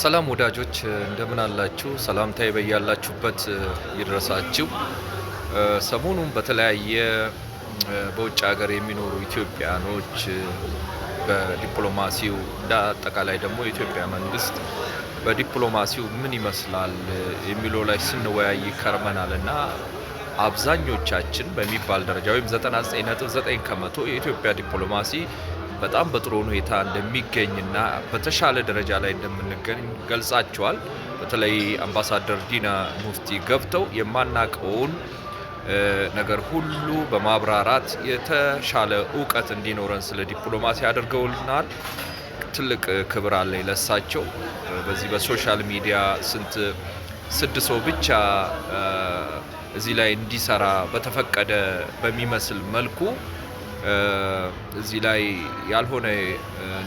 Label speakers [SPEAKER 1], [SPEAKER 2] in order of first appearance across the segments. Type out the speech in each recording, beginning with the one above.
[SPEAKER 1] ሰላም ወዳጆች እንደምን አላችሁ? ሰላምታዬ በያላችሁበት ይድረሳችሁ። ሰሞኑን በተለያየ በውጭ ሀገር የሚኖሩ ኢትዮጵያኖች በዲፕሎማሲው እንደ አጠቃላይ ደግሞ የኢትዮጵያ መንግስት በዲፕሎማሲው ምን ይመስላል የሚለው ላይ ስንወያይ ከርመናል እና አብዛኞቻችን በሚባል ደረጃ ወይም 99.9 ከመቶ የኢትዮጵያ ዲፕሎማሲ በጣም በጥሩ ሁኔታ እንደሚገኝና በተሻለ ደረጃ ላይ እንደምንገኝ ገልጻቸዋል። በተለይ አምባሳደር ዲና ሙፍቲ ገብተው የማናቀውን ነገር ሁሉ በማብራራት የተሻለ እውቀት እንዲኖረን ስለ ዲፕሎማሲ አድርገውልናል። ትልቅ ክብር አለኝ ለሳቸው። በዚህ በሶሻል ሚዲያ ስንት ስድስት ሰው ብቻ እዚህ ላይ እንዲሰራ በተፈቀደ በሚመስል መልኩ እዚህ ላይ ያልሆነ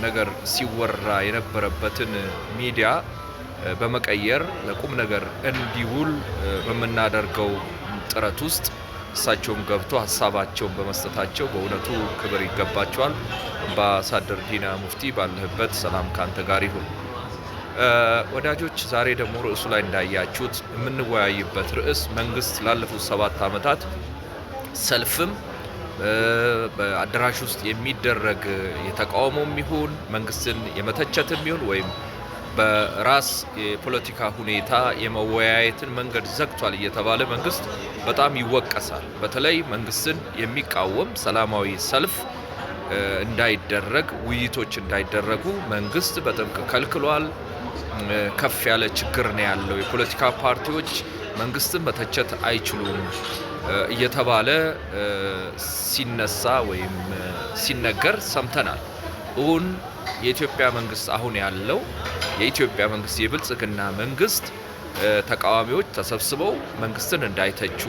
[SPEAKER 1] ነገር ሲወራ የነበረበትን ሚዲያ በመቀየር ለቁም ነገር እንዲውል በምናደርገው ጥረት ውስጥ እሳቸውም ገብቶ ሀሳባቸውን በመስጠታቸው በእውነቱ ክብር ይገባቸዋል። አምባሳደር ዲና ሙፍቲ ባለህበት ሰላም ካንተ ጋር ይሁን። ወዳጆች ዛሬ ደግሞ ርዕሱ ላይ እንዳያችሁት የምንወያይበት ርዕስ መንግስት ላለፉት ሰባት ዓመታት ሰልፍም በአዳራሽ ውስጥ የሚደረግ የተቃውሞም ይሁን መንግስትን የመተቸትም ይሁን ወይም በራስ የፖለቲካ ሁኔታ የመወያየትን መንገድ ዘግቷል እየተባለ መንግስት በጣም ይወቀሳል። በተለይ መንግስትን የሚቃወም ሰላማዊ ሰልፍ እንዳይደረግ፣ ውይይቶች እንዳይደረጉ መንግስት በጥብቅ ከልክሏል። ከፍ ያለ ችግር ነው ያለው። የፖለቲካ ፓርቲዎች መንግስትን መተቸት አይችሉም እየተባለ ሲነሳ ወይም ሲነገር ሰምተናል። እሁን የኢትዮጵያ መንግስት አሁን ያለው የኢትዮጵያ መንግስት የብልጽግና መንግስት ተቃዋሚዎች ተሰብስበው መንግስትን እንዳይተቹ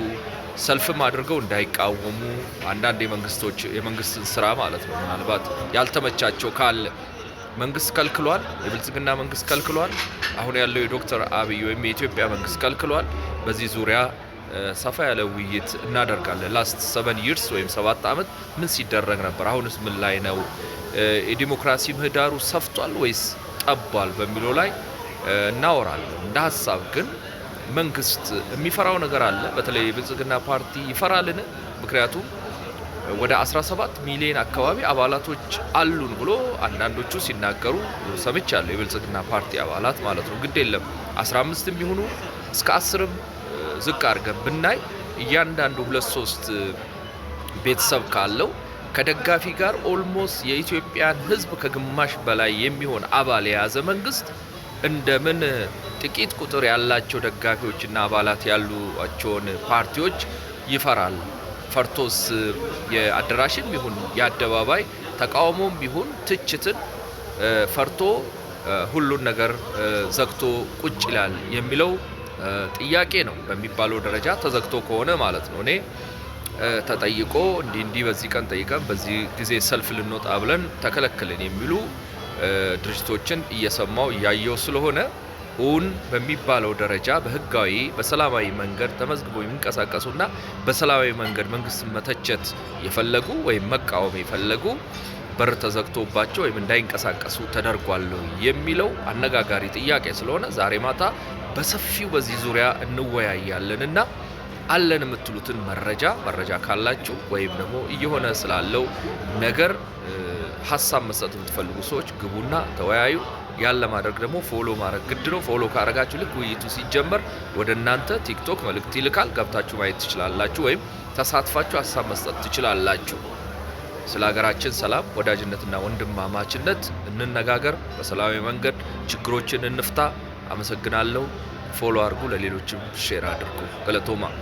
[SPEAKER 1] ሰልፍም አድርገው እንዳይቃወሙ አንዳንድ የመንግስቶች የመንግስትን ስራ ማለት ነው ምናልባት ያልተመቻቸው ካለ መንግስት ከልክሏል። የብልጽግና መንግስት ከልክሏል። አሁን ያለው የዶክተር አብይ ወይም የኢትዮጵያ መንግስት ከልክሏል። በዚህ ዙሪያ ሰፋ ያለ ውይይት እናደርጋለን። ላስት ሰቨን ይርስ ወይም ሰባት ዓመት ምን ሲደረግ ነበር? አሁንስ ምን ላይ ነው? የዲሞክራሲ ምህዳሩ ሰፍቷል ወይስ ጠቧል? በሚለው ላይ እናወራለን። እንደ ሀሳብ ግን መንግስት የሚፈራው ነገር አለ። በተለይ የብልጽግና ፓርቲ ይፈራልን? ምክንያቱም ወደ 17 ሚሊዮን አካባቢ አባላቶች አሉን ብሎ አንዳንዶቹ ሲናገሩ ሰምቻለሁ። የብልጽግና ፓርቲ አባላት ማለት ነው። ግድ የለም 15 የሚሆኑ እስከ 10 ዝቅ አድርገን ብናይ እያንዳንዱ ሁለት ሶስት ቤተሰብ ካለው ከደጋፊ ጋር ኦልሞስት የኢትዮጵያን ሕዝብ ከግማሽ በላይ የሚሆን አባል የያዘ መንግስት እንደምን ጥቂት ቁጥር ያላቸው ደጋፊዎችና አባላት ያሏቸውን ፓርቲዎች ይፈራል። ፈርቶስ የአዳራሽም ይሁን የአደባባይ ተቃውሞም ይሁን ትችትን ፈርቶ ሁሉን ነገር ዘግቶ ቁጭ ይላል የሚለው ጥያቄ ነው በሚባለው ደረጃ ተዘግቶ ከሆነ ማለት ነው። እኔ ተጠይቆ እንዲህ እንዲህ በዚህ ቀን ጠይቀን በዚህ ጊዜ ሰልፍ ልንወጣ ብለን ተከለክልን የሚሉ ድርጅቶችን እየሰማው እያየው ስለሆነ እውን በሚባለው ደረጃ በህጋዊ በሰላማዊ መንገድ ተመዝግቦ የሚንቀሳቀሱና በሰላማዊ መንገድ መንግስትን መተቸት የፈለጉ ወይም መቃወም የፈለጉ በር ተዘግቶባቸው ወይም እንዳይንቀሳቀሱ ተደርጓል የሚለው አነጋጋሪ ጥያቄ ስለሆነ ዛሬ ማታ በሰፊው በዚህ ዙሪያ እንወያያለን እና አለን የምትሉትን መረጃ መረጃ ካላችሁ ወይም ደግሞ እየሆነ ስላለው ነገር ሀሳብ መስጠት የምትፈልጉ ሰዎች ግቡና ተወያዩ። ያለ ማድረግ ደግሞ ፎሎ ማድረግ ግድ ነው። ፎሎ ካረጋችሁ ልክ ውይይቱ ሲጀመር ወደ እናንተ ቲክቶክ መልእክት ይልካል። ገብታችሁ ማየት ትችላላችሁ፣ ወይም ተሳትፋችሁ ሀሳብ መስጠት ትችላላችሁ። ስለ ሀገራችን ሰላም፣ ወዳጅነትና ወንድማማችነት እንነጋገር። በሰላማዊ መንገድ ችግሮችን እንፍታ። አመሰግናለሁ። ፎሎ አድርጉ፣ ለሌሎችም ሼር አድርጉ። ገለቶማ